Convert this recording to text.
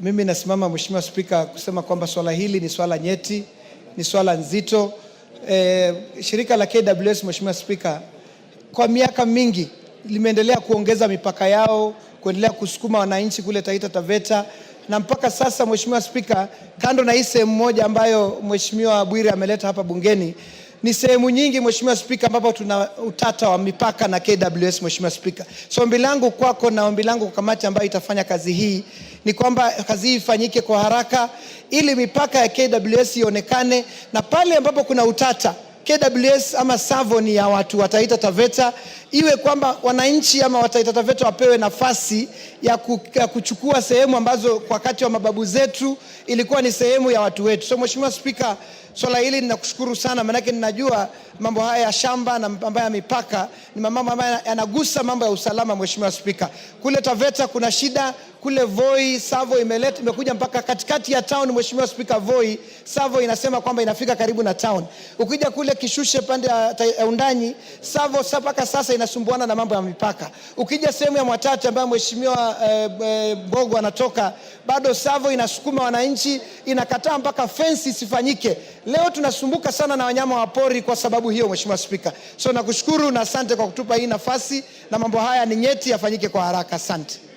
Mimi nasimama Mheshimiwa Spika kusema kwamba swala hili ni swala nyeti, ni swala nzito. E, shirika la KWS Mheshimiwa Spika, kwa miaka mingi limeendelea kuongeza mipaka yao, kuendelea kusukuma wananchi kule Taita Taveta, na mpaka sasa Mheshimiwa Spika, kando na hii sehemu moja ambayo Mheshimiwa Bwire ameleta hapa bungeni ni sehemu nyingi Mheshimiwa Spika, ambapo tuna utata wa mipaka na KWS. Mheshimiwa Spika, so ombi langu kwako na ombi langu kwa kamati ambayo itafanya kazi hii ni kwamba kazi hii ifanyike kwa haraka ili mipaka ya KWS ionekane na pale ambapo kuna utata KWS ama SAVO ni ya watu wa Taita Taveta, iwe kwamba wananchi ama wa Taita Taveta wapewe nafasi ya, kuchukua sehemu ambazo kwa wakati wa mababu zetu ilikuwa ni sehemu ya watu wetu. So Mheshimiwa Spika, swala hili ninakushukuru sana, maanake ninajua mambo haya ya shamba na mambo ya mipaka ni mambo ambayo yanagusa mambo ya usalama. Mheshimiwa Spika, kule Taveta kuna shida kule Voi Savo imeleta imekuja mpaka katikati ya town. Mheshimiwa Spika, Voi Savo inasema kwamba inafika karibu na town. Ukija kule Kishushe pande ya Undanyi, Savo mpaka sasa inasumbuana na mambo ya mipaka. Ukija sehemu ya Mwatate ambayo Mheshimiwa Mbogo eh, eh anatoka bado Savo inasukuma wananchi, inakataa mpaka fensi isifanyike. Leo tunasumbuka sana na wanyama wa pori kwa sababu hiyo, Mheshimiwa Spika. So nakushukuru na asante kwa kutupa hii nafasi, na mambo haya ni nyeti yafanyike kwa haraka. Asante.